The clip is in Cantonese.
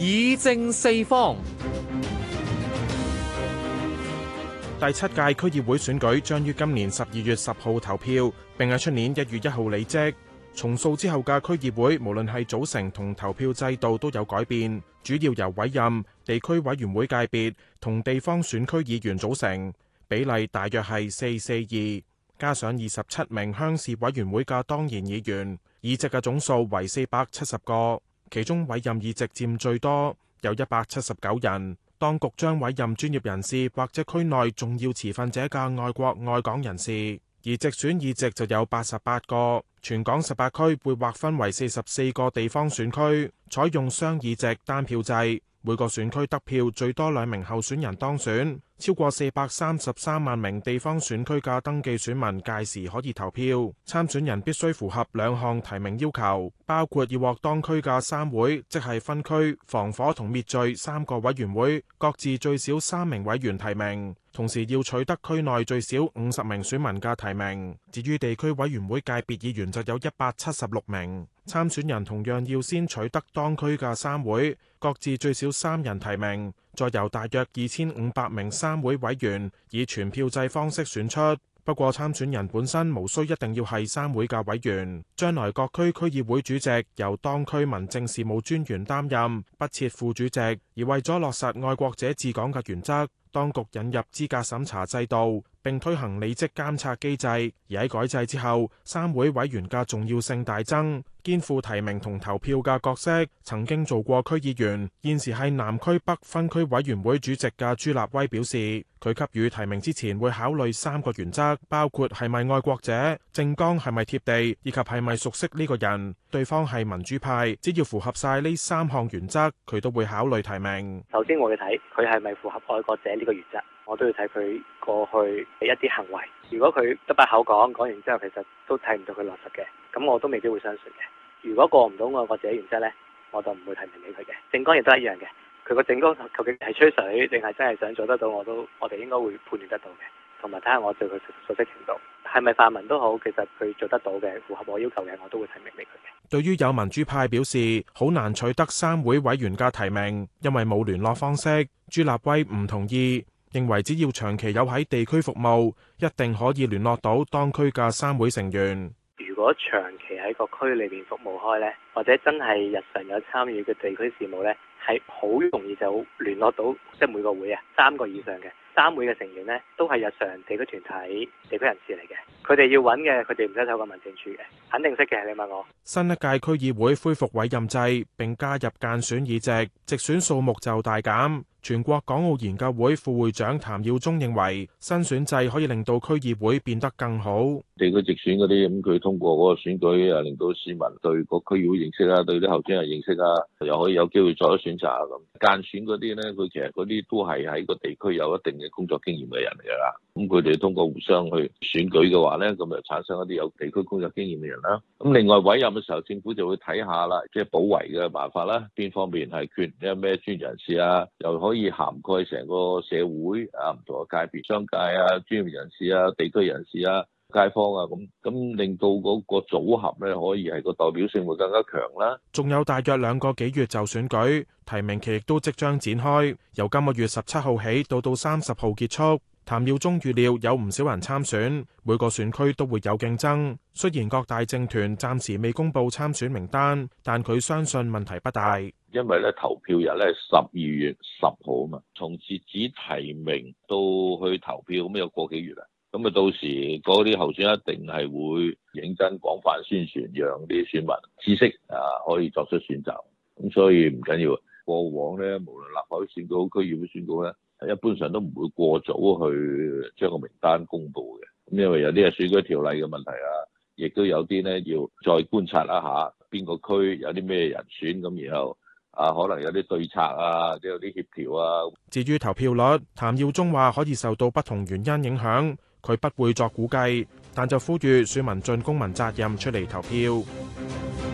議政四方。第七屆區議會選舉將於今年十二月十號投票，並喺出年一月一號離職。重塑之後嘅區議會無論係組成同投票制度都有改變，主要由委任、地區委員會界別同地方選區議員組成，比例大約係四四二，加上二十七名鄉事委員會嘅當然議員，議席嘅總數為四百七十個。其中委任議席佔最多，有一百七十九人。當局將委任專業人士或者區內重要持份者嘅愛國愛港人士。而直選議席就有八十八個。全港十八區會劃分為四十四個地方選區，採用雙議席單票制。每個選區得票最多兩名候選人當選，超過四百三十三萬名地方選區嘅登記選民屆時可以投票。參選人必須符合兩項提名要求，包括要獲當區嘅三會，即係分區、防火同滅罪三個委員會，各自最少三名委員提名，同時要取得區內最少五十名選民嘅提名。至於地區委員會界別議員就有一百七十六名。參選人同樣要先取得當區嘅三會，各自最少三人提名，再由大約二千五百名三會委員以全票制方式選出。不過，參選人本身無需一定要係三會嘅委員。將來各區區議會主席由當區民政事務專員擔任，不設副主席。而為咗落實愛國者治港嘅原則，當局引入資格審查制度。並推行履職監察機制，而喺改制之後，三會委員嘅重要性大增，肩負提名同投票嘅角色。曾經做過區議員，現時係南區北分區委員會主席嘅朱立威表示，佢給予提名之前會考慮三個原則，包括係咪愛國者、政綱係咪貼地，以及係咪熟悉呢個人。對方係民主派，只要符合晒呢三項原則，佢都會考慮提名。首先我哋睇，佢係咪符合愛國者呢個原則？我都要睇佢過去嘅一啲行為。如果佢得把口講講完之後，其實都睇唔到佢落實嘅，咁我都未必會相信嘅。如果過唔到我個自己原則呢，我就唔會提名俾佢嘅。政綱亦都一樣嘅，佢個政綱究竟係吹水定係真係想做得到，我都我哋應該會判斷得到嘅。同埋睇下我對佢熟悉程度係咪泛民都好，其實佢做得到嘅符合我要求嘅，我都會提名俾佢嘅。對於有民主派表示好難取得三會委員嘅提名，因為冇聯絡方式，朱立威唔同意。認為只要長期有喺地區服務，一定可以聯絡到當區嘅三會成員。如果長期喺個區裏邊服務開呢，或者真係日常有參與嘅地區事務呢，係好容易就聯絡到即係每個會啊，三個以上嘅三會嘅成員呢，都係日常地區團體、地區人士嚟嘅。佢哋要揾嘅，佢哋唔使透過民政處嘅，肯定識嘅。你問我，新一屆區議會恢復委任制，並加入間選議席，直選數目就大減。全國港澳研究會副會長譚耀宗認為，新選制可以令到區議會變得更好。地區直選嗰啲，咁佢通過嗰個選舉啊，令到市民對個區議會認識啦，對啲候選人認識啦，又可以有機會作咗選擇啊。咁間選嗰啲咧，佢其實嗰啲都係喺個地區有一定嘅工作經驗嘅人嚟噶啦咁佢哋通過互相去選舉嘅話咧，咁就產生一啲有地區工作經驗嘅人啦。咁另外委任嘅時候，政府就會睇下啦，即係補位嘅辦法啦，邊方面係缺咩專業人士啊，又可以涵蓋成個社會啊，唔同嘅界別，商界啊，專業人士啊，地區人士啊，街坊啊，咁咁令到嗰個組合咧，可以係個代表性會更加強啦。仲有大約兩個幾月就選舉提名期，亦都即將展開，由今個月十七號起到到三十號結束。譚耀宗預料有唔少人參選，每個選區都會有競爭。雖然各大政團暫時未公布參選名單，但佢相信問題不大，因為咧投票日咧係十二月十號啊嘛，從截止提名到去投票咁有個幾月啦，咁啊到時嗰啲候選一定係會認真廣泛宣傳，讓啲選民知識啊可以作出選擇，咁所以唔緊要。過往咧，無論立法會選舉、區議會選舉咧，一般上都唔會過早去將個名單公布嘅，因為有啲係選舉條例嘅問題啊，亦都有啲呢要再觀察一下邊個區有啲咩人選咁，然後啊，可能有啲對策啊，都有啲協調啊。至於投票率，譚耀宗話可以受到不同原因影響，佢不會作估計，但就呼籲選民盡公民責任出嚟投票。